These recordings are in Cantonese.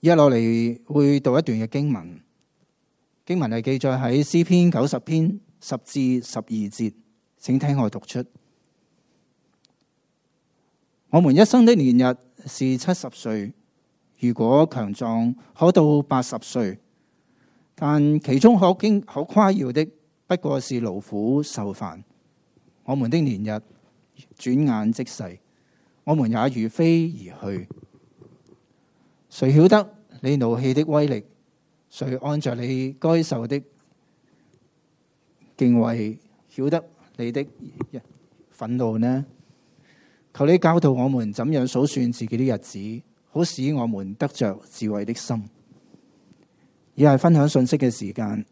一落嚟會讀一段嘅經文，經文係記載喺詩篇九十篇十至十二節，請聽我讀出。我們一生的年日是七十歲，如果強壯可到八十歲，但其中可經可誇耀的不過是勞苦受煩。我們的年日轉眼即逝，我們也如飛而去。誰曉得你怒氣的威力？誰按着你該受的敬畏？曉得你的憤怒呢？求你教導我們，怎樣數算自己的日子，好使我們得着智慧的心。以下係分享信息嘅時間，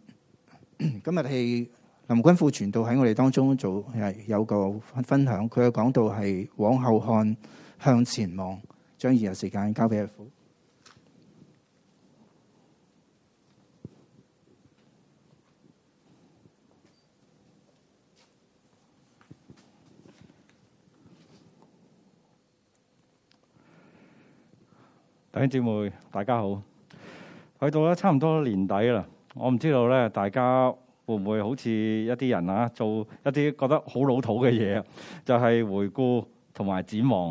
今日係林君富傳道喺我哋當中做係有個分享，佢又講到係往後看向前望，將二日時間交俾阿富。兄姐妹，大家好！去到咧差唔多年底啦，我唔知道咧，大家會唔會好似一啲人啊，做一啲覺得好老土嘅嘢，就係回顧同埋展望。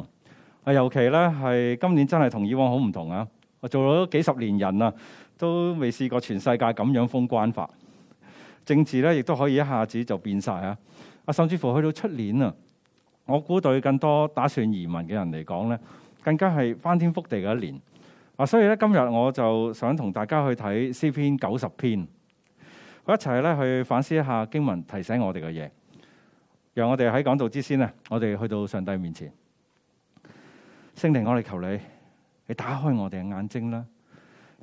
啊，尤其咧係今年真係同以往好唔同啊！我做咗幾十年人啊，都未試過全世界咁樣封關法，政治咧亦都可以一下子就變晒啊！啊，甚至乎去到出年啊，我估對更多打算移民嘅人嚟講咧，更加係翻天覆地嘅一年。啊，所以咧，今日我就想同大家去睇詩篇九十篇，我一齊咧去反思一下經文提醒我哋嘅嘢，讓我哋喺講道之先啊，我哋去到上帝面前。聖靈，我哋求你，你打開我哋嘅眼睛啦，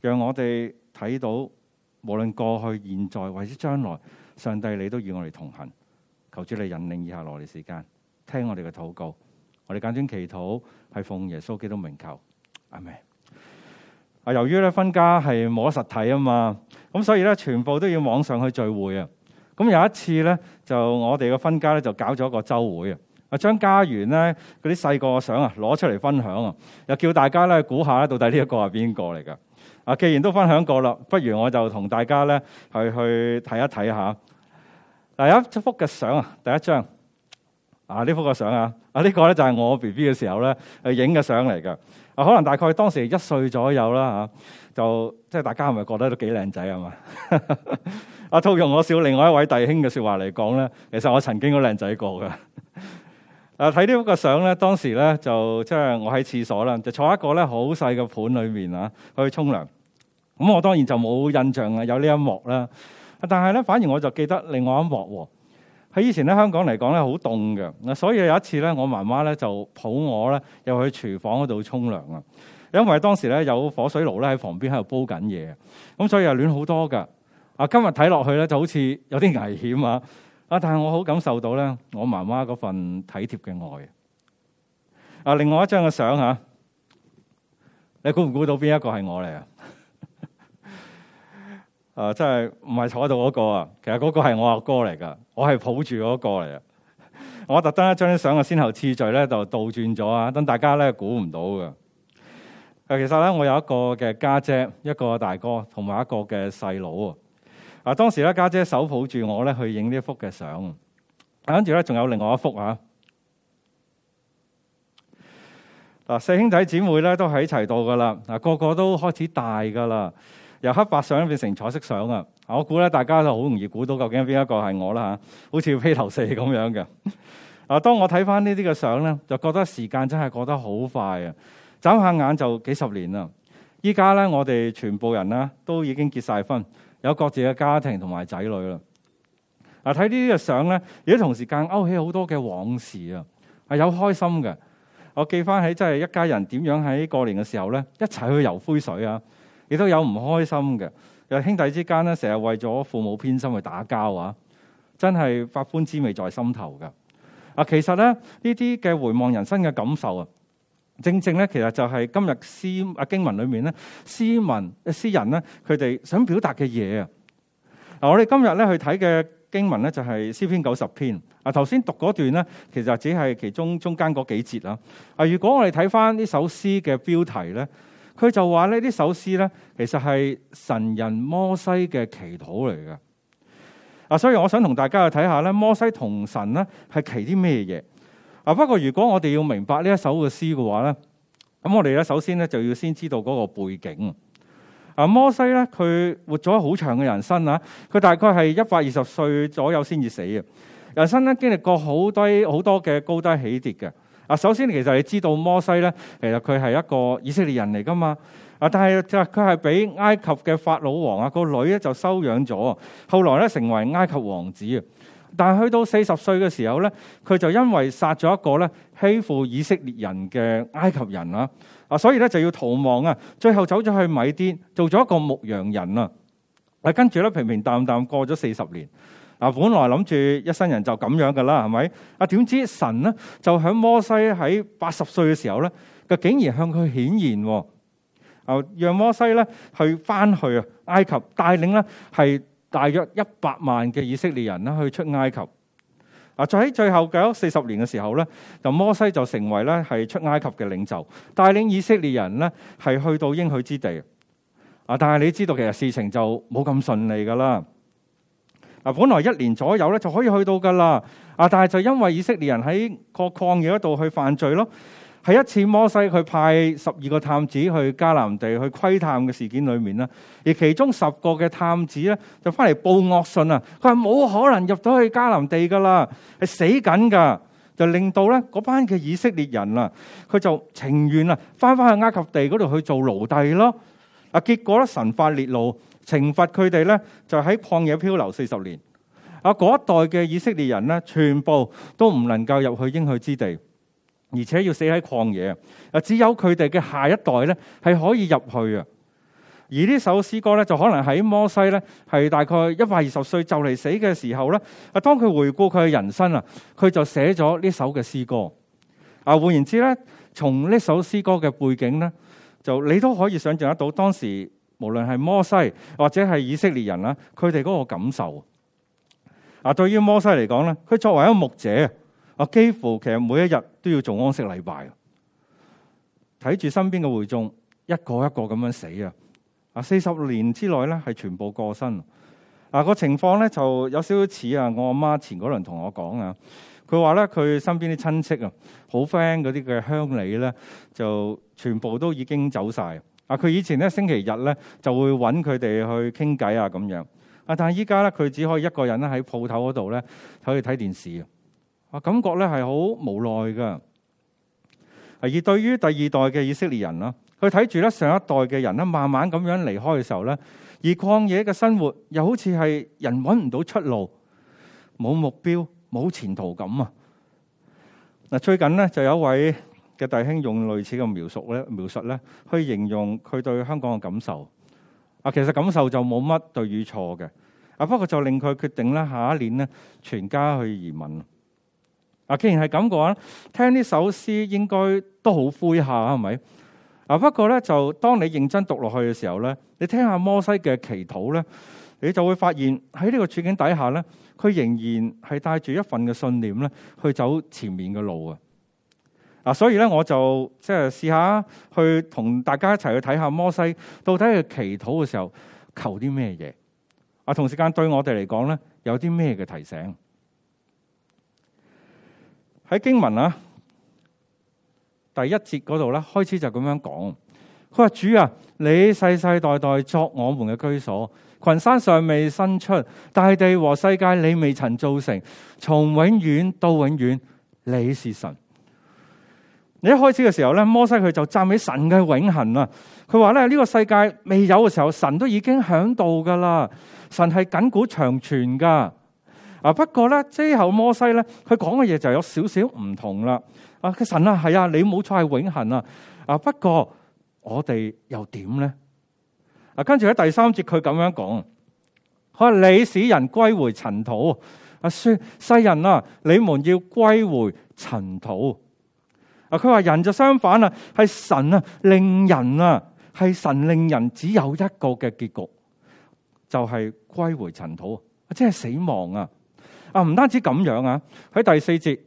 讓我哋睇到無論過去、現在或者將來，上帝你都與我哋同行。求主你引領以下落嚟時間，聽我哋嘅禱告，我哋簡短祈禱，係奉耶穌基督名求，阿門。啊，由於咧分家係冇實體啊嘛，咁所以咧全部都要網上去聚會啊。咁有一次咧，就我哋嘅分家咧就搞咗個周會啊。啊，將家員咧嗰啲細個相啊攞出嚟分享啊，又叫大家咧估下咧到底呢一個係邊個嚟㗎？啊，既然都分享過啦，不如我就同大家咧去去睇一睇下。第一幅嘅相啊，第一張啊，呢幅嘅相啊，啊、呢、呢個咧就係我 B B 嘅時候咧去影嘅相嚟㗎。啊，可能大概當時一歲左右啦嚇，就即係大家係咪覺得都幾靚仔啊嘛？阿兔用我笑另外一位弟兄嘅説話嚟講咧，其實我曾經都靚仔過嘅㗎。啊，睇呢個相咧，當時咧就即係、就是、我喺廁所啦，就坐喺一個咧好細嘅盤裏面啊，去沖涼。咁我當然就冇印象啊，有呢一幕啦。但係咧，反而我就記得另外一幕喎。喺以前咧，香港嚟講咧，好凍嘅啊，所以有一次咧，我媽媽咧就抱我咧，又去廚房嗰度沖涼啊。因為當時咧有火水爐咧喺旁邊喺度煲緊嘢，咁所以又暖好多噶啊。今日睇落去咧就好似有啲危險啊啊，但係我好感受到咧我媽媽嗰份體貼嘅愛啊。另外一張嘅相吓，你估唔估到邊一個係我嚟啊？啊，真係唔係坐喺度嗰個啊！其實嗰個係我阿哥嚟噶，我係抱住嗰個嚟啊！我特登一張相嘅先後次序咧就倒轉咗啊，等大家咧估唔到嘅。啊，其實咧我有一個嘅家姐，一個大哥，同埋一個嘅細佬啊。啊，當時咧家姐手抱住我咧去影呢一幅嘅相啊，跟住咧仲有另外一幅啊。嗱，四兄弟姊妹咧都喺齊度噶啦，嗱個個都開始大噶啦。由黑白相變成彩色相啊！我估咧，大家就好容易估到究竟邊一個係我啦吓，好似披頭四咁樣嘅。嗱，當我睇翻呢啲嘅相咧，就覺得時間真係過得好快啊！眨下眼就幾十年啦。依家咧，我哋全部人啦都已經結晒婚，有各自嘅家庭同埋仔女啦。嗱，睇呢啲嘅相咧，亦都同時間勾起好多嘅往事啊，係有開心嘅。我記翻起，真係一家人點樣喺過年嘅時候咧，一齊去游灰水啊！亦都有唔開心嘅，又兄弟之間咧，成日為咗父母偏心去打交啊！真係百般滋味在心頭噶。啊，其實咧，呢啲嘅回望人生嘅感受啊，正正咧其實就係今日詩啊經文裏面咧詩文詩人咧佢哋想表達嘅嘢啊。嗱，我哋今日咧去睇嘅經文咧就係詩篇九十篇。啊，頭先讀嗰段咧，其實只係其中中間嗰幾節啦。啊，如果我哋睇翻呢首詩嘅標題咧。佢就話呢，呢首詩咧，其實係神人摩西嘅祈禱嚟嘅。啊，所以我想同大家去睇下咧，摩西同神咧係祈啲咩嘢？啊，不過如果我哋要明白呢一首嘅詩嘅話咧，咁我哋咧首先咧就要先知道嗰個背景。啊，摩西咧佢活咗好長嘅人生啊，佢大概係一百二十歲左右先至死嘅。人生咧經歷過好低好多嘅高低起跌嘅。啊，首先其實你知道摩西咧，其實佢係一個以色列人嚟噶嘛。啊，但係就佢係俾埃及嘅法老王啊個女咧就收養咗，後來咧成為埃及王子。但係去到四十歲嘅時候咧，佢就因為殺咗一個咧欺負以色列人嘅埃及人啦。啊，所以咧就要逃亡啊，最後走咗去米甸做咗一個牧羊人啊。啊，跟住咧平平淡淡過咗四十年。啊！本來諗住一生人就咁樣噶啦，係咪？啊！點知神呢就喺摩西喺八十歲嘅時候咧，就竟然向佢顯現，啊，讓摩西咧去翻去埃及帶領咧係大約一百萬嘅以色列人啦去出埃及。啊！再喺最後嗰四十年嘅時候咧，就摩西就成為咧係出埃及嘅領袖，帶領以色列人咧係去到應許之地。啊！但係你知道其實事情就冇咁順利噶啦。本來一年左右咧，就可以去到噶啦。啊，但係就因為以色列人喺個曠野度去犯罪咯，係一次摩西佢派十二個探子去迦南地去窺探嘅事件裏面啦。而其中十個嘅探子咧，就翻嚟報惡信啊，佢係冇可能入到去迦南地噶啦，係死緊噶，就令到咧嗰班嘅以色列人啊，佢就情願啊，翻返去埃及地嗰度去做奴隸咯。啊，結果咧神發烈怒。懲罰佢哋咧，就喺曠野漂流四十年。啊，嗰一代嘅以色列人咧，全部都唔能夠入去應許之地，而且要死喺曠野啊！只有佢哋嘅下一代咧，係可以入去啊。而呢首詩歌咧，就可能喺摩西咧，係大概一百二十歲就嚟死嘅時候咧，啊，當佢回顧佢嘅人生啊，佢就寫咗呢首嘅詩歌。啊，換言之咧，從呢首詩歌嘅背景咧，就你都可以想象得到當時。無論係摩西或者係以色列人啦，佢哋嗰個感受啊，對於摩西嚟講咧，佢作為一個牧者啊，幾乎其實每一日都要做安息禮拜，睇住身邊嘅會眾一個一個咁樣死啊！啊，四十年之內咧係全部過身啊，個情況咧就有少少似啊，我阿媽前嗰輪同我講啊，佢話咧佢身邊啲親戚啊，好 friend 嗰啲嘅鄉里咧，就全部都已經走晒。啊！佢以前咧星期日咧就會揾佢哋去傾偈啊，咁樣。啊！但係依家咧佢只可以一個人咧喺鋪頭嗰度咧，可以睇電視。啊！感覺咧係好無奈噶。而對於第二代嘅以色列人啦，佢睇住咧上一代嘅人咧，慢慢咁樣離開嘅時候咧，而曠野嘅生活又好似係人揾唔到出路，冇目標、冇前途咁啊。嗱，最近咧就有一位嘅弟兄用類似嘅描述咧，描述咧，去形容佢對香港嘅感受。啊，其實感受就冇乜對與錯嘅。啊，不過就令佢決定咧，下一年咧，全家去移民。啊，既然係咁講，聽呢首詩應該都好灰下，係咪？啊，不過咧，就當你認真讀落去嘅時候咧，你聽下摩西嘅祈禱咧，你就會發現喺呢個處境底下咧，佢仍然係帶住一份嘅信念咧，去走前面嘅路啊。所以咧，我就即係試下去同大家一齊去睇下摩西到底喺祈禱嘅時候求啲咩嘢？啊，同時間對我哋嚟講咧，有啲咩嘅提醒？喺經文啊，第一節嗰度咧，開始就咁樣講。佢話：主啊，你世世代代作我們嘅居所，群山尚未生出，大地和世界你未曾造成，從永遠到永遠，你是神。一開始嘅時候咧，摩西佢就讚起神嘅永恆啦。佢話咧呢個世界未有嘅時候，神都已經響度噶啦。神係亙古長存噶。啊，不過咧之後摩西咧，佢講嘅嘢就有少少唔同啦。啊，佢神啊，係啊，你冇錯係永恆啊。啊，不過我哋又點咧？啊，跟住喺第三節佢咁樣講，佢話你使人歸回塵土。啊，說世人啊，你們要歸回塵土。佢話人就相反啦，係神啊，令人啊，係神令人只有一個嘅結局，就係、是、歸回塵土啊，即係死亡啊！啊，唔單止咁樣啊，喺第四節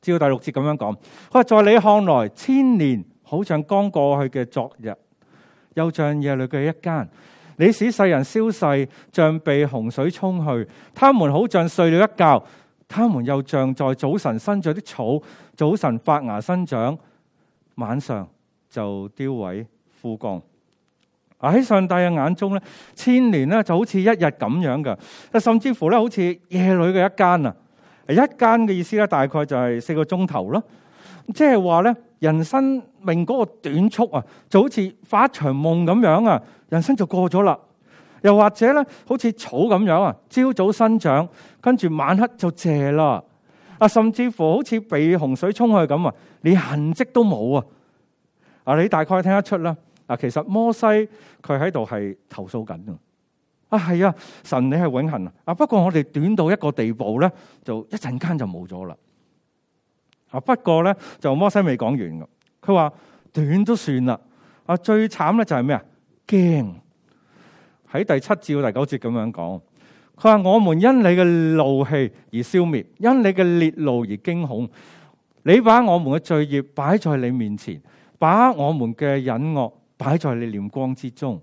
照第六節咁樣講，佢話在你看來千年好像剛過去嘅昨日，又像夜裏嘅一間，你使世人消逝，像被洪水沖去，他們好像睡了一覺，他們又像在早晨生着啲草。早晨發芽生長，晚上就凋萎枯乾。喺上帝嘅眼中咧，千年咧就好似一日咁樣噶。甚至乎咧，好似夜裏嘅一間啊，一間嘅意思咧，大概就係四個鐘頭咯。即係話咧，人生命嗰個短促啊，就好似發一場夢咁樣啊，人生就過咗啦。又或者咧，好似草咁樣啊，朝早生長，跟住晚黑就謝啦。啊，甚至乎好似被洪水沖去咁啊，連痕跡都冇啊！啊，你大概聽得出啦。啊，其實摩西佢喺度係投訴緊啊。啊，係啊，神你係永恆啊。啊，不過我哋短到一個地步咧，就一陣間就冇咗啦。啊，不過咧就摩西未講完噶，佢話短都算啦。啊，最慘咧就係咩啊？驚。喺第七至到第九節咁樣講。佢話：我們因你嘅怒氣而消滅，因你嘅烈怒而驚恐。你把我們嘅罪孽擺在你面前，把我們嘅隱惡擺在你面光之中。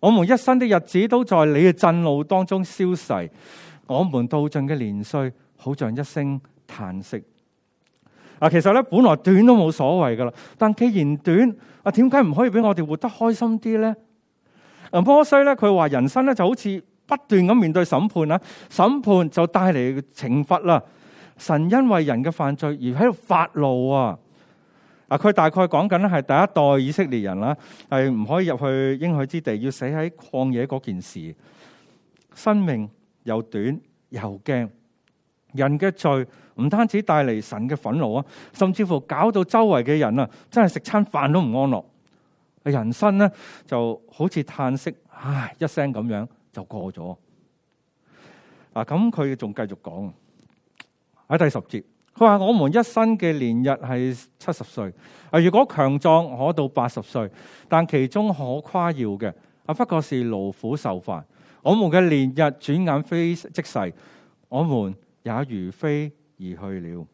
我們一生的日子都在你嘅震怒當中消逝，我們到盡嘅年歲好像一聲嘆息。嗱，其實咧本來短都冇所謂噶啦，但既然短，啊點解唔可以俾我哋活得開心啲咧？摩西咧佢話人生咧就好似。不斷咁面對審判啦，審判就帶嚟懲罰啦。神因為人嘅犯罪而喺度發怒啊。啊，佢大概講緊咧係第一代以色列人啦，係唔可以入去應許之地，要死喺曠野嗰件事。生命又短又驚，人嘅罪唔單止帶嚟神嘅憤怒啊，甚至乎搞到周圍嘅人啊，真係食餐飯都唔安樂。人生咧就好似嘆息唉一聲咁樣就過咗嗱，咁佢仲繼續講喺第十節，佢話：我們一生嘅年日係七十歲，啊，如果強壯可到八十歲，但其中可誇耀嘅啊，不過是勞苦愁煩。我們嘅年日轉眼飛即逝，我們也如飛而去了。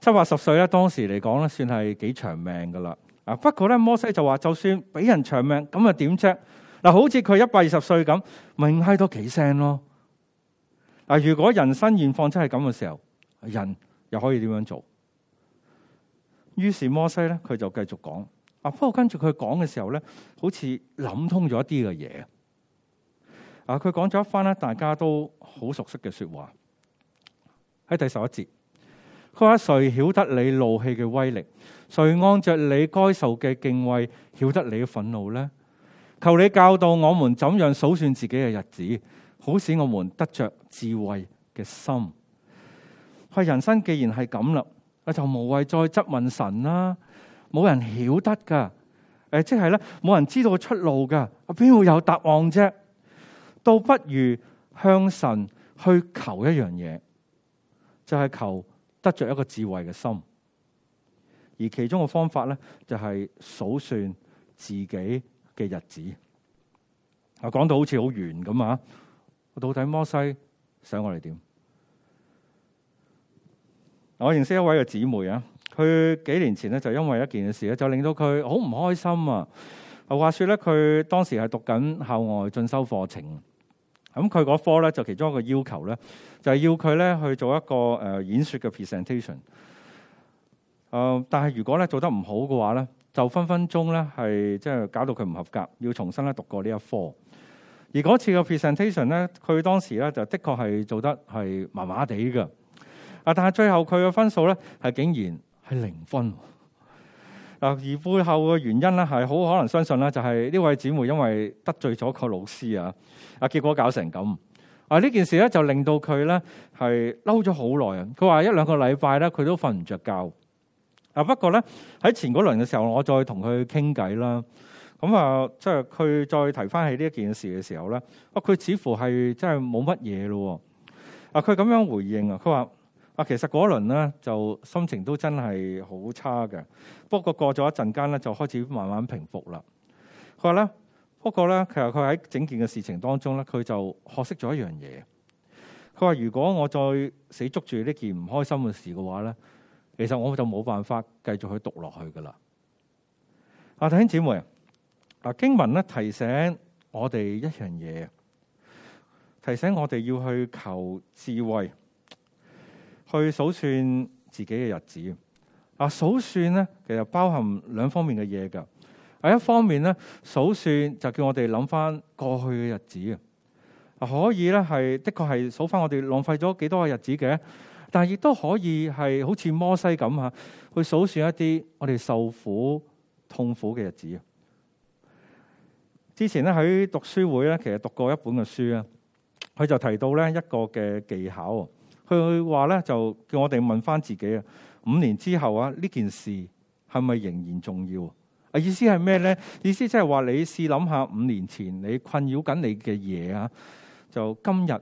七八十歲咧，當時嚟講咧，算係幾長命噶啦。啊，不過咧，摩西就話，就算俾人長命，咁就點啫？嗱，好似佢一百二十歲咁，咪嗌多幾聲咯。如果人生現況真係咁嘅時候，人又可以點樣做？於是摩西咧，佢就繼續講。啊，不過跟住佢講嘅時候咧，好似諗通咗一啲嘅嘢。啊，佢講咗一番咧，大家都好熟悉嘅說話。喺第十一節，佢話，誰曉得你怒氣嘅威力？誰按着你該受嘅敬畏？曉得你嘅憤怒咧？求你教導我們怎樣數算自己嘅日子，好使我們得着智慧嘅心。係人生既然係咁啦，就無謂再質問神啦。冇人曉得噶，誒，即係咧，冇人知道個出路噶，邊會有答案啫？倒不如向神去求一樣嘢，就係求得着一個智慧嘅心。而其中嘅方法咧，就係數算自己。嘅日子，我講到好似好遠咁啊！到底摩西想我哋點？我認識一位嘅姊妹啊，佢幾年前咧就因為一件事咧，就令到佢好唔開心啊！話說咧，佢當時係讀緊校外進修課程，咁佢嗰科咧就其中一個要求咧，就係要佢咧去做一個誒演說嘅 presentation。誒，但係如果咧做得唔好嘅話咧。就分分鐘咧，係即係搞到佢唔合格，要重新咧讀過呢一科。而嗰次嘅 presentation 咧，佢當時咧就的確係做得係麻麻地㗎。啊，但係最後佢嘅分數咧係竟然係零分。而背後嘅原因咧係好可能相信咧，就係呢位姊妹因為得罪咗個老師啊，啊結果搞成咁。啊呢件事咧就令到佢咧係嬲咗好耐啊。佢話一兩個禮拜咧佢都瞓唔着覺。啊！不過咧，喺前嗰輪嘅時候，我再同佢傾偈啦。咁啊，即係佢再提返起呢一件事嘅時候咧，啊，佢似乎係真係冇乜嘢咯。啊，佢咁樣回應啊，佢話：啊，其實嗰輪咧就心情都真係好差嘅。不過過咗一陣間咧，就開始慢慢平復啦。佢話咧：不過咧，其實佢喺整件嘅事情當中咧，佢就學識咗一樣嘢。佢話：如果我再死捉住呢件唔開心嘅事嘅話咧，其實我就冇辦法繼續讀下去讀落去噶啦。啊，弟兄姊妹啊，經文咧提醒我哋一樣嘢，提醒我哋要去求智慧，去數算自己嘅日子。啊，數算咧其實包含兩方面嘅嘢噶。啊，一方面咧數算就叫我哋諗翻過去嘅日子啊，可以咧係的確係數翻我哋浪費咗幾多嘅日子嘅。但係亦都可以係好似摩西咁吓，去數算一啲我哋受苦痛苦嘅日子。之前咧喺讀書會咧，其實讀過一本嘅書咧，佢就提到咧一個嘅技巧，佢話咧就叫我哋問返自己啊：五年之後啊，呢件事係咪仍然重要？啊，意思係咩咧？意思即係話你試諗下五年前你困擾緊你嘅嘢啊，就今日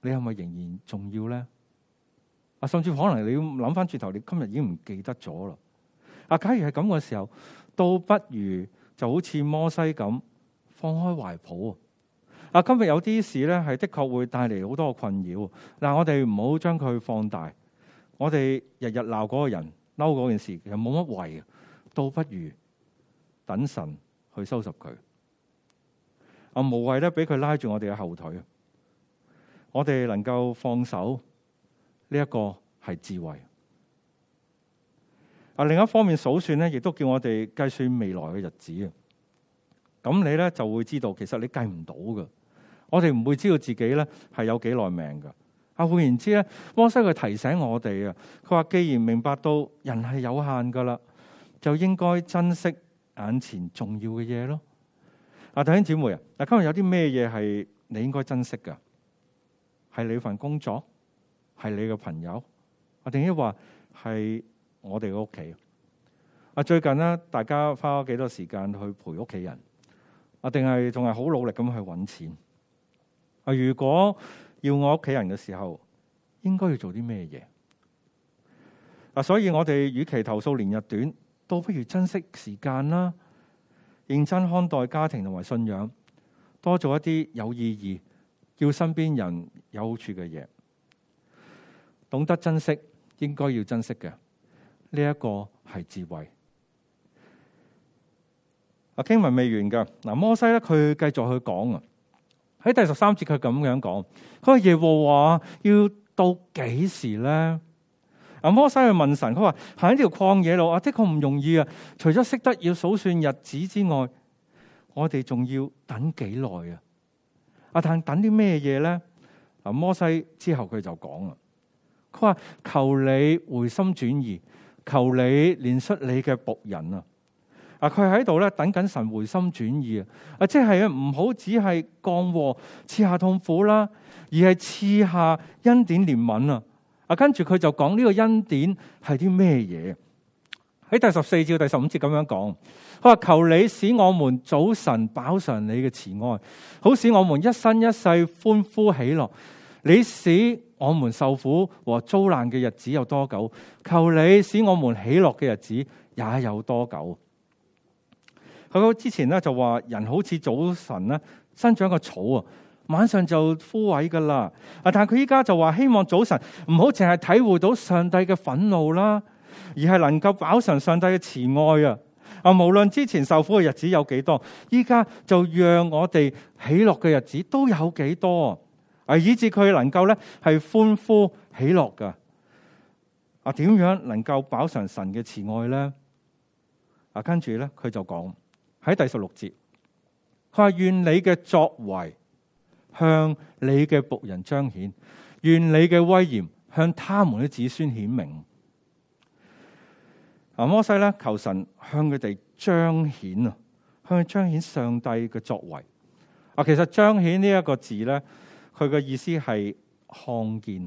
你係咪仍然重要咧？甚至可能你要諗翻轉頭，你今日已經唔記得咗啦。啊，假如係咁嘅時候，倒不如就好似摩西咁，放開懷抱啊！今日有啲事咧，係的確會帶嚟好多嘅困擾。嗱，我哋唔好將佢放大，我哋日日鬧嗰個人，嬲嗰件事又冇乜謂，倒不如等神去收拾佢，啊無謂咧俾佢拉住我哋嘅後腿，我哋能夠放手。呢一個係智慧。啊，另一方面，數算咧，亦都叫我哋計算未來嘅日子啊。咁你咧就會知道，其實你計唔到噶。我哋唔會知道自己咧係有幾耐命噶。啊，換言之咧，摩西佢提醒我哋啊，佢話既然明白到人係有限噶啦，就應該珍惜眼前重要嘅嘢咯。啊，弟兄姊妹啊，嗱，今日有啲咩嘢係你應該珍惜噶？係你份工作？係你嘅朋友，啊？定係話係我哋嘅屋企啊？最近咧，大家花咗幾多時間去陪屋企人啊？定係仲係好努力咁去搵錢啊？如果要我屋企人嘅時候，應該要做啲咩嘢啊？所以我哋與其投訴年日短，倒不如珍惜時間啦，認真看待家庭同埋信仰，多做一啲有意義、叫身邊人有好處嘅嘢。懂得珍惜，應該要珍惜嘅呢一個係智慧。啊，經文未完噶。嗱，摩西咧，佢繼續去講啊。喺第十三節他這樣說，佢咁樣講，佢話耶和華要到幾時咧？阿摩西去問神，佢話行喺條曠野路啊，的確唔容易啊。除咗識得要數算日子之外，我哋仲要等幾耐啊？啊，但等啲咩嘢咧？阿摩西之後佢就講啦。佢話求你回心轉意，求你憐恤你嘅僕人啊！啊，佢喺度咧等緊神回心轉意啊！啊，即係唔好只係降禍賜下痛苦啦，而係賜下恩典憐憫啊！啊，跟住佢就講呢個恩典係啲咩嘢？喺第十四至第十五節咁樣講，佢話求你使我們早晨飽嘗你嘅慈愛，好使我們一生一世歡呼喜樂。你使我們受苦和遭難嘅日子有多久？求你使我們喜樂嘅日子也有多久？佢之前咧就話：人好似早晨咧，生長個草啊，晚上就枯萎噶啦。啊，但係佢依家就話：希望早晨唔好淨係體會到上帝嘅憤怒啦，而係能夠飽嘗上，上帝嘅慈愛啊！啊，無論之前受苦嘅日子有幾多，依家就讓我哋喜樂嘅日子都有幾多。啊！以致佢能夠咧係歡呼喜樂噶啊？點樣能夠飽嘗神嘅慈愛咧？啊，跟住咧佢就講喺第十六節，佢話願你嘅作為向你嘅僕人彰顯，願你嘅威嚴向他們嘅子孫顯明啊。摩西咧求神向佢哋彰顯啊，向佢哋彰顯上帝嘅作為啊。其實彰顯呢一個字咧。佢嘅意思係看見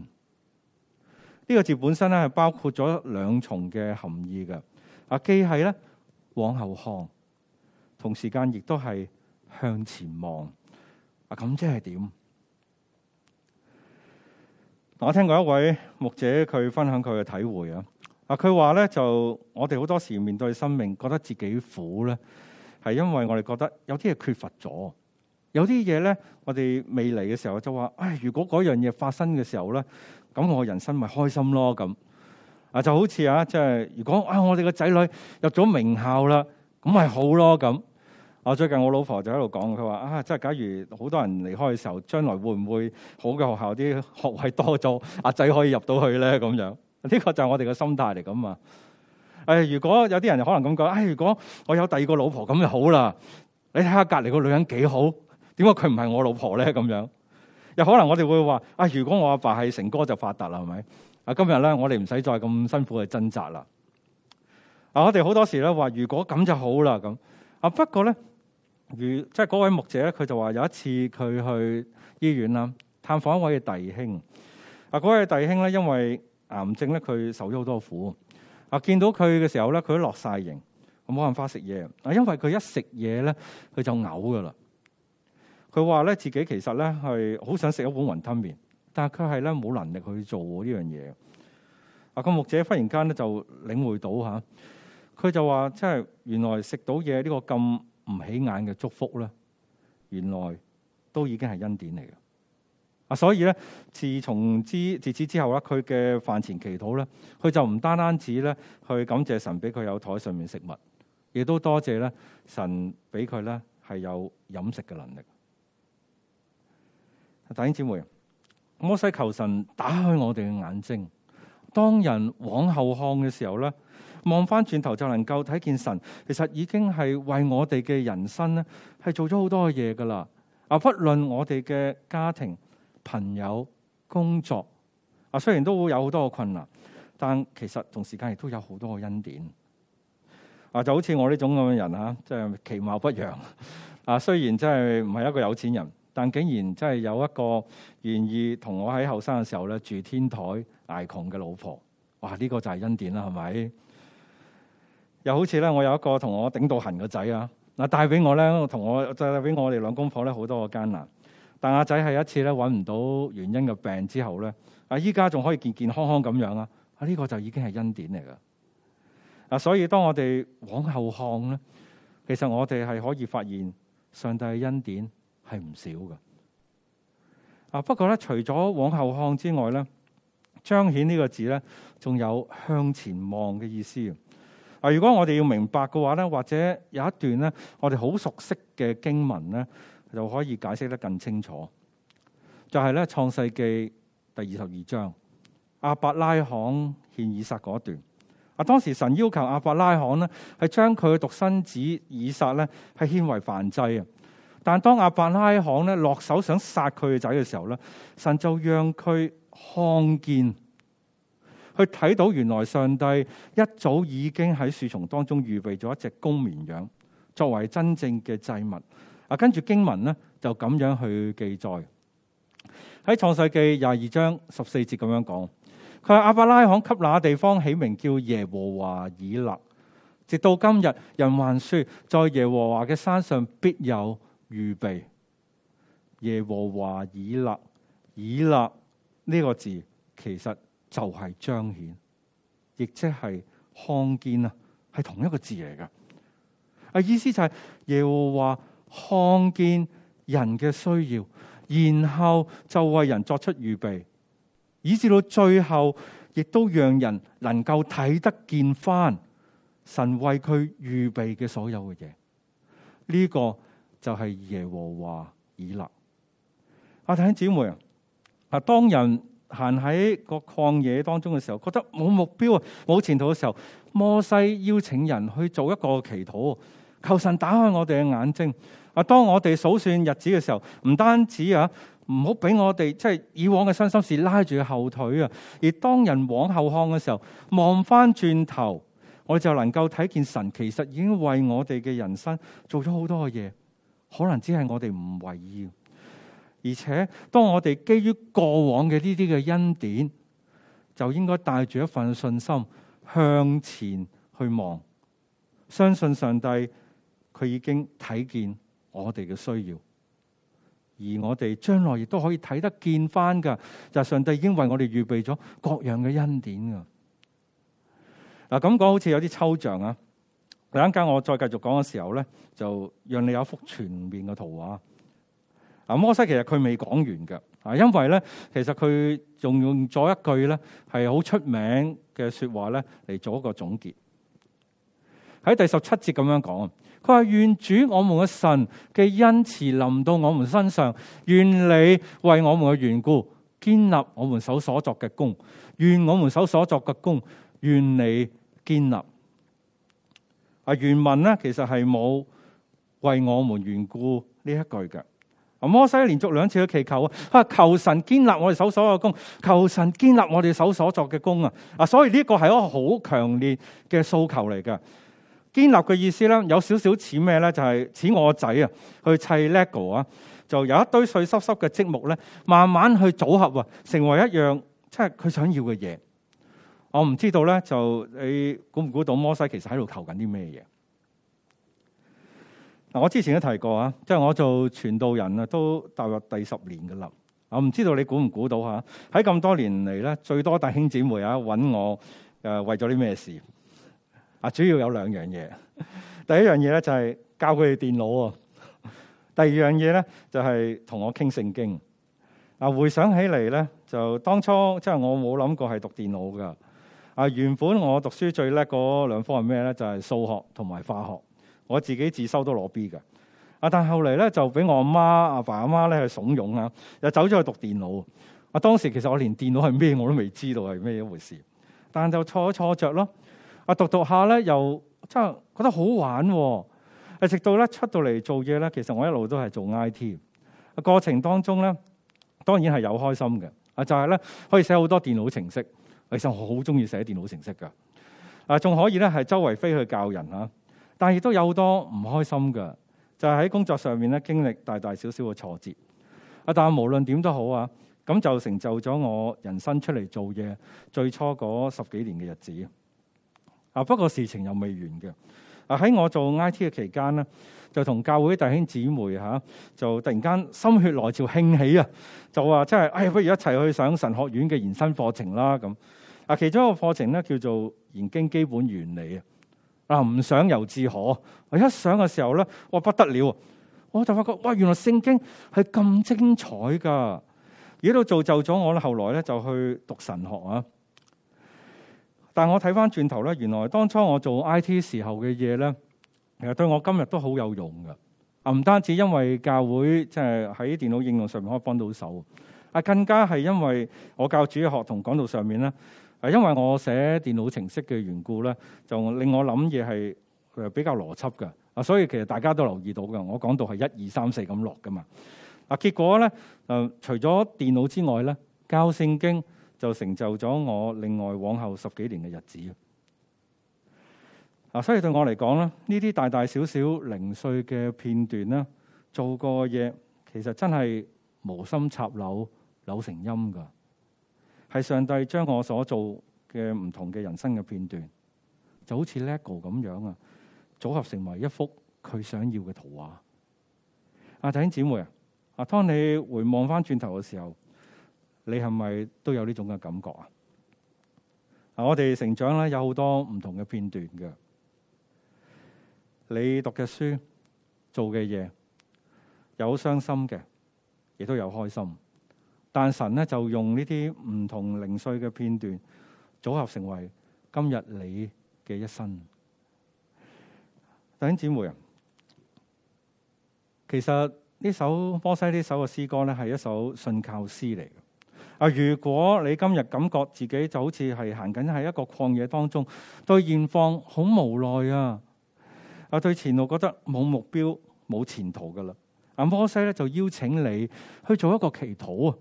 呢、這個字本身咧係包括咗兩重嘅含義嘅。啊，既係咧往後看，同時間亦都係向前望。啊，咁即係點？我聽過一位牧者佢分享佢嘅體會啊。啊，佢話咧就我哋好多時面對生命覺得自己苦咧，係因為我哋覺得有啲嘢缺乏咗。有啲嘢咧，我哋未嚟嘅時候就話：唉、哎，如果嗰樣嘢發生嘅時候咧，咁我人生咪開心咯咁。啊，就好似啊，即係如果啊、哎，我哋個仔女入咗名校啦，咁咪好咯咁。啊，最近我老婆就喺度講，佢話：啊，即係假如好多人離開嘅時候，將來會唔會好嘅學校啲學位多咗，阿、啊、仔可以入到去咧？咁樣呢、呢個就係我哋嘅心態嚟噶嘛。誒、哎，如果有啲人可能咁講：唉、哎，如果我有第二個老婆咁就好啦。你睇下隔籬個女人幾好。點解佢唔係我老婆咧？咁樣又可能我哋會話：啊、哎，如果我阿爸係成哥就發達啦，係咪？啊，今日咧我哋唔使再咁辛苦去掙扎啦。啊，我哋好多時咧話：如果咁就好啦。咁啊，不過咧，如即係嗰位牧者咧，佢就話：有一次佢去醫院啦，探訪一位嘅弟兄。啊，嗰位弟兄咧，因為癌症咧，佢受咗好多苦。啊，見到佢嘅時候咧，佢都落晒型，冇辦法食嘢。啊，因為佢一食嘢咧，佢就嘔噶啦。佢話咧，自己其實咧係好想食一碗雲吞麵，但係佢係咧冇能力去做呢樣嘢。啊，個牧者忽然間咧就領會到嚇，佢就話：即係原來食到嘢呢個咁唔起眼嘅祝福咧，原來都已經係恩典嚟嘅。啊，所以咧，自從之自此之後啦，佢嘅飯前祈禱咧，佢就唔單單止咧去感謝神俾佢有台上面食物，亦都多謝咧神俾佢咧係有飲食嘅能力。弟兄姊妹，我細求神打開我哋嘅眼睛。當人往後看嘅時候咧，望返轉頭就能夠睇見神。其實已經係為我哋嘅人生咧，係做咗好多嘢噶啦。啊，不論我哋嘅家庭、朋友、工作，啊，雖然都會有好多嘅困難，但其實同時間亦都有好多嘅恩典。啊，就好似我呢種咁嘅人吓，即係其貌不揚。啊，雖然真係唔係一個有錢人。但竟然真係有一個願意同我喺後生嘅時候咧住天台捱窮嘅老婆，哇！呢、呢個就係恩典啦，係咪？又好似咧，我有一個同我頂到痕嘅仔啊，嗱帶俾我咧，同我帶俾我哋兩公婆咧好多個艱難。但阿仔係一次咧揾唔到原因嘅病之後咧，啊依家仲可以健健康康咁樣啊！啊、呢、呢個就已經係恩典嚟㗎。啊所以當我哋往後看咧，其實我哋係可以發現上帝嘅恩典。係唔少噶啊！不過咧，除咗往後看之外咧，彰顯呢個字咧，仲有向前望嘅意思啊！如果我哋要明白嘅話咧，或者有一段咧，我哋好熟悉嘅經文咧，就可以解釋得更清楚。就係咧《創世記》第二十二章，亞伯拉罕獻以撒嗰一段啊！當時神要求亞伯拉罕咧，係將佢嘅獨生子以撒咧，係獻為燔祭啊！但當亞伯拉罕咧落手想殺佢仔嘅時候咧，神就讓佢看見，佢睇到原來上帝一早已經喺樹叢當中預備咗一隻公綿羊作為真正嘅祭物。啊，跟住經文咧就咁樣去記載喺創世記廿二章十四節咁樣講，佢亞伯拉罕給那地方起名叫耶和華以勒，直到今日人還說，在耶和華嘅山上必有。預備。耶和華以勒，以勒呢個字，其實就係彰顯，亦即係看見啊，係同一個字嚟噶。啊，意思就係耶和華看見人嘅需要，然後就為人作出預備，以至到最後，亦都讓人能夠睇得見返神為佢預備嘅所有嘅嘢呢個。就係、是、耶和華以勒啊！弟兄姊妹啊，當人行喺個曠野當中嘅時候，覺得冇目標啊，冇前途嘅時候，摩西邀請人去做一個祈禱，求神打開我哋嘅眼睛。啊，當我哋數算日子嘅時候，唔單止啊，唔好俾我哋即係以往嘅傷心事拉住後腿啊。而當人往後看嘅時候，望翻轉頭，我哋就能夠睇見神其實已經為我哋嘅人生做咗好多嘅嘢。可能只係我哋唔為意，而且當我哋基於過往嘅呢啲嘅恩典，就應該帶住一份信心向前去望，相信上帝佢已經睇見我哋嘅需要，而我哋將來亦都可以睇得見翻噶，就係上帝已經為我哋預備咗各樣嘅恩典噶，嗱，咁講好似有啲抽象啊。等間我再繼續講嘅時候咧，就讓你有一幅全面嘅圖畫。啊，摩西其實佢未講完嘅，啊，因為咧，其實佢仲用咗一句咧係好出名嘅說話咧嚟，做一個總結。喺第十七節咁樣講，佢話願主我們嘅神嘅恩慈臨到我們身上，願你為我們嘅緣故建立我們手所，所作嘅功。」願我們手所，所作嘅功，願你建立。啊，原文咧其實係冇為我們緣故呢一句嘅。啊，摩西連續兩次去祈求啊，求神堅立我哋手所嘅工，求神堅立我哋手所作嘅工。啊。啊，所以呢個係一個好強烈嘅訴求嚟嘅。堅立嘅意思咧有少少似咩咧？就係、是、似我仔啊去砌 Lego 啊，就有一堆碎濕濕嘅積木咧，慢慢去組合啊，成為一樣即係佢想要嘅嘢。我唔知道咧，就你估唔估到摩西其實喺度求緊啲咩嘢嗱？我之前都提過啊，即係我做傳道人啊，都踏入第十年嘅啦。我唔知道你估唔估到吓，喺咁多年嚟咧，最多弟兄姐妹啊揾我誒、呃，為咗啲咩事啊？主要有兩樣嘢，第一樣嘢咧就係教佢哋電腦啊，第二樣嘢咧就係同我傾聖經嗱。回想起嚟咧，就當初即係我冇諗過係讀電腦噶。啊，原本我讀書最叻嗰兩科係咩咧？就係數學同埋化學。我自己自修都攞 B 嘅。啊，但後嚟咧就俾我阿媽、阿爸、阿媽咧去慫恿啊，又走咗去讀電腦。啊，當時其實我連電腦係咩我都未知道係咩一回事。但就錯咗錯着咯。啊，讀讀下咧又真係覺得好玩喎。係直到咧出到嚟做嘢咧，其實我一路都係做 I T。啊，過程當中咧當然係有開心嘅。啊，就係咧可以寫好多電腦程式。其實我好中意寫電腦程式噶啊仲可以咧係周圍飛去教人吓。但係亦都有好多唔開心噶就係喺工作上面咧經歷大大小小嘅挫折，啊但係無論點都好啊，咁就成就咗我人生出嚟做嘢最初嗰十幾年嘅日子，啊不過事情又未完嘅。啊喺我做 IT 嘅期間咧，就同教會弟兄姊妹吓就突然間心血來潮興起啊，就話即係，哎不如一齊去上神學院嘅延伸課程啦咁。嗱，其中一個課程咧叫做《研經基本原理》啊！嗱，唔想猶自可，我一想嘅時候咧，哇不得了！我就發覺哇，原來聖經係咁精彩噶，而喺度造就咗我咧。後來咧就去讀神學啊！但我睇翻轉頭咧，原來當初我做 IT 時候嘅嘢咧，其實對我今日都好有用噶。啊，唔單止因為教會即係喺電腦應用上面可以幫到手啊，更加係因為我教主學同講道上面咧。啊，因為我寫電腦程式嘅緣故咧，就令我諗嘢係誒比較邏輯嘅。啊，所以其實大家都留意到嘅，我講到係一二三四咁落嘅嘛。嗱，結果咧，誒除咗電腦之外咧，教聖經就成就咗我另外往後十幾年嘅日子。啊，所以對我嚟講咧，呢啲大大小小零碎嘅片段咧，做個嘢其實真係無心插柳，柳成蔭㗎。係上帝將我所做嘅唔同嘅人生嘅片段，就好似 Lego 咁樣啊，組合成為一幅佢想要嘅圖畫。阿、啊、弟兄姊妹啊，當你回望翻轉頭嘅時候，你係咪都有呢種嘅感覺啊？啊，我哋成長咧有好多唔同嘅片段嘅，你讀嘅書、做嘅嘢，有傷心嘅，亦都有開心。但神咧就用呢啲唔同零碎嘅片段組合成為今日你嘅一生。弟兄姊妹啊,其實呢首摩西呢首嘅詩歌咧係一首信靠詩嚟嘅。啊，如果你今日感覺自己就好似係行緊喺一個曠野當中，對現況好無奈啊，啊對前路覺得冇目標、冇前途噶啦。啊，摩西咧就邀請你去做一個祈禱啊！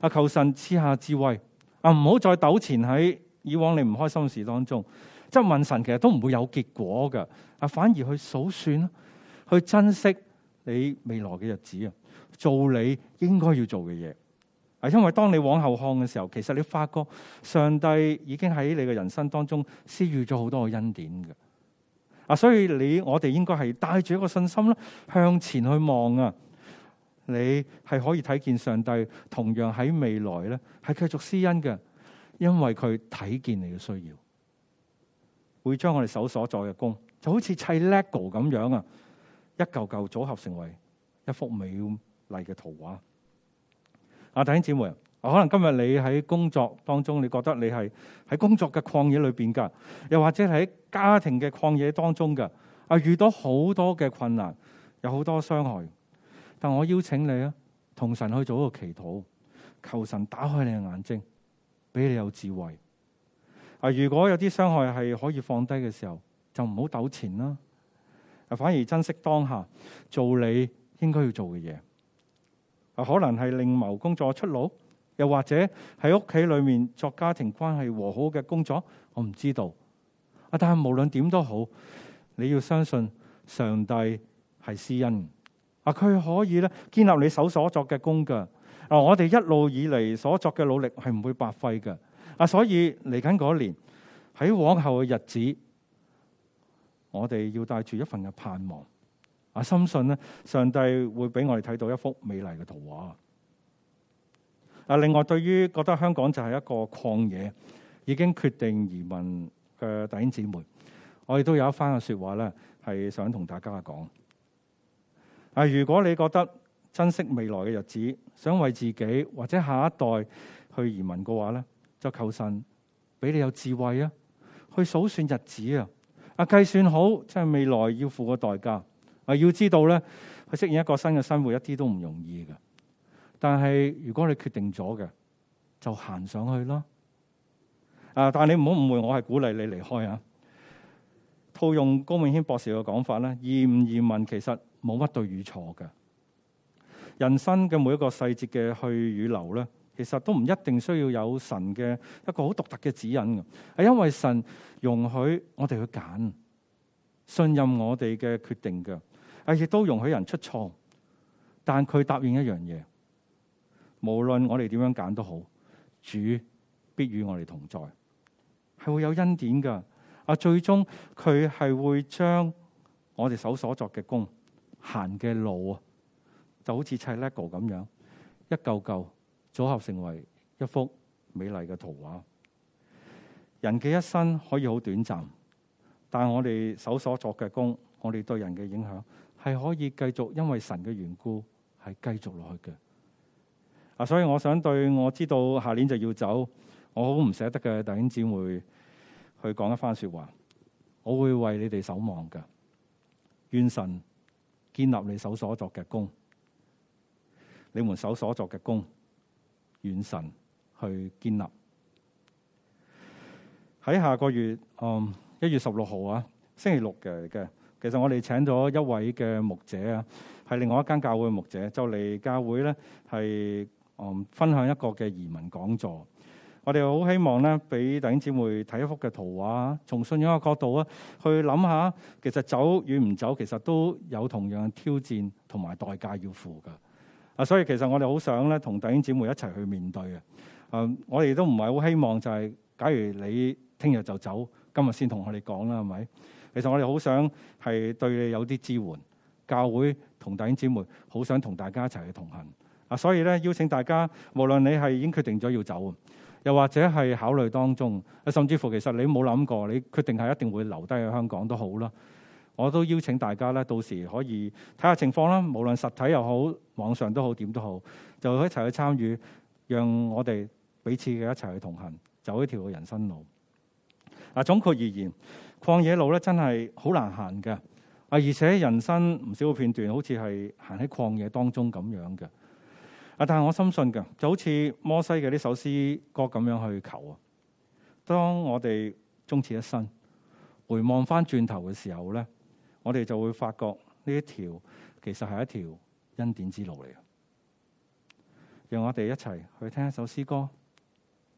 啊！求神賜下智慧，啊唔好再糾纏喺以往你唔開心的事當中。即係問神，其實都唔會有結果㗎。啊，反而去數算，去珍惜你未來嘅日子啊！做你應該要做嘅嘢。啊，因為當你往後看嘅時候，其實你發覺上帝已經喺你嘅人生當中施予咗好多嘅恩典嘅。啊，所以你我哋應該係帶住一個信心啦，向前去望啊！你係可以睇見上帝，同樣喺未來咧，係繼續施恩嘅，因為佢睇見你嘅需要，會將我哋手所作嘅工，就好似砌 Lego 咁樣啊，一嚿嚿組合成為一幅美麗嘅圖畫。啊，弟兄姊妹啊，可能今日你喺工作當中，你覺得你係喺工作嘅曠野裏邊噶，又或者喺家庭嘅曠野當中噶，啊，遇到好多嘅困難，有好多傷害。但我邀請你啊，同神去做一個祈禱，求神打開你嘅眼睛，俾你有智慧。啊，如果有啲傷害係可以放低嘅時候，就唔好糾纏啦。啊，反而珍惜當下，做你應該要做嘅嘢。啊，可能係另謀工作出路，又或者喺屋企裏面作家庭關係和好嘅工作，我唔知道。啊，但係無論點都好，你要相信上帝係施恩啊！佢可以咧建立你手所作嘅工噶。我哋一路以嚟所作嘅努力係唔會白費嘅。啊，所以嚟緊嗰一年，喺往後嘅日子，我哋要帶住一份嘅盼望。啊，深信咧，上帝會俾我哋睇到一幅美麗嘅圖畫。啊，另外對於覺得香港就係一個曠野，已經決定移民嘅弟兄姊妹，我亦都有一番嘅說話咧，係想同大家講。啊！如果你覺得珍惜未來嘅日子，想為自己或者下一代去移民嘅話咧，就求神俾你有智慧啊，去數算日子啊，啊計算好即係未來要付嘅代價啊。要知道咧，去適應一個新嘅生活一啲都唔容易嘅。但係如果你決定咗嘅，就行上去啦。啊！但你唔好誤會，我係鼓勵你離開啊。套用高銘謙博士嘅講法咧，移唔移民其實，冇乜對與錯嘅，人生嘅每一個細節嘅去與留咧，其實都唔一定需要有神嘅一個好獨特嘅指引，係因為神容許我哋去揀，信任我哋嘅決定嘅，啊亦都容許人出錯，但佢答應一樣嘢，無論我哋點樣揀都好，主必與我哋同在，係會有恩典㗎，啊最終佢係會將我哋手所作嘅功。行嘅路啊，就好似砌 lego 咁樣，一嚿嚿組合成為一幅美麗嘅圖畫。人嘅一生可以好短暫，但我哋手所作嘅工，我哋對人嘅影響係可以繼續，因為神嘅緣故係繼續落去嘅。啊，所以我想對我知道下年就要走，我好唔捨得嘅弟兄姊妹，去講一番說話。我會為你哋守望㗎，願神，建立你手所作嘅功，你們手所作嘅功，願神去建立。喺下個月，嗯，一月十六號啊，星期六嘅，其實我哋請咗一位嘅牧者啊，係另外一間教會嘅牧者，就嚟教會呢，係，嗯，分享一個嘅移民講座。我哋好希望咧，俾弟兄姊妹睇一幅嘅圖畫，從信仰嘅角度啊，去諗下。其實走與唔走，其實都有同樣嘅挑戰同埋代價要付㗎。啊，所以其實我哋好想咧，同弟兄姊妹一齊去面對嘅。嗯，我哋都唔係好希望就係，假如你聽日就走，今日先同我哋講啦，係咪？其實我哋好想係對你有啲支援，教會同弟兄姊妹好想同大家一齊去同行啊。所以咧，邀請大家，無論你係已經決定咗要走。又或者係考慮當中，啊，甚至乎其實你冇諗過，你決定係一定會留低喺香港都好啦。我都邀請大家咧，到時可以睇下情況啦。無論實體又好，網上都好，點都好，就可以一齊去參與，讓我哋彼此嘅一齊去同行走呢條人生路。啊，總括而言，曠野路咧，真係好難行嘅啊，而且人生唔少片段好似係行喺曠野當中咁樣嘅。但係我深信嘅，就好似摩西嘅呢首詩歌咁樣去求，當我哋終此一生，回望翻轉頭嘅時候呢，我哋就會發覺呢一條其實係一條恩典之路嚟，讓我哋一齊去聽一首詩歌《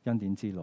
恩典之路》。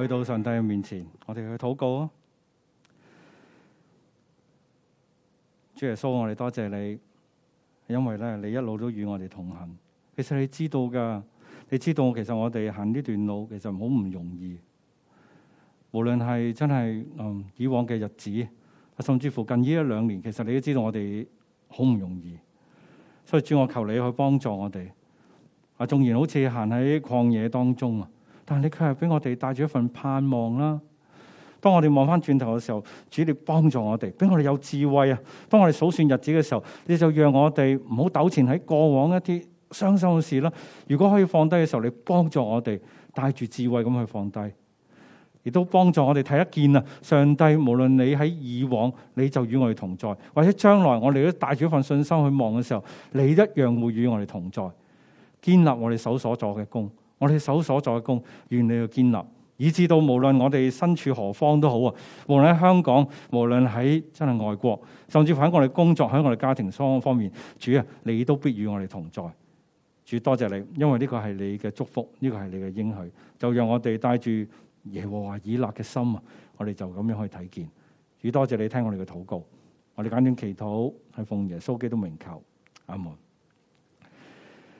去到上帝嘅面前，我哋去禱告咯。主耶穌，我哋多謝你，因為咧你一路都與我哋同行。其實你知道噶，你知道其實我哋行呢段路其實好唔容易。無論係真係嗯以往嘅日子，甚至乎近呢一兩年，其實你都知道我哋好唔容易。所以主，我求你去幫助我哋。啊，縱然好似行喺曠野當中啊。但你卻係俾我哋帶住一份盼望啦。當我哋望翻轉頭嘅時候，主你幫助我哋，俾我哋有智慧啊！當我哋數算日子嘅時候，你就讓我哋唔好糾纏喺過往一啲傷心嘅事啦。如果可以放低嘅時候，你幫助我哋帶住智慧咁去放低，亦都幫助我哋睇得見啊！上帝，無論你喺以往，你就與我哋同在；或者將來，我哋都帶住一份信心去望嘅時候，你一樣會與我哋同在，建立我哋手所做嘅工。我哋手所作嘅工，願你去建立，以至到無論我哋身處何方都好啊！無論喺香港，無論喺真係外國，甚至乎喺我哋工作，喺我哋家庭方方面，主啊，你都必與我哋同在。主多謝你，因為呢個係你嘅祝福，呢、呢個係你嘅應許。就讓我哋帶住耶和華以勒嘅心啊，我哋就咁樣去睇見。主多謝你聽我哋嘅禱告，我哋簡短祈禱，係奉耶穌基督名求，阿門。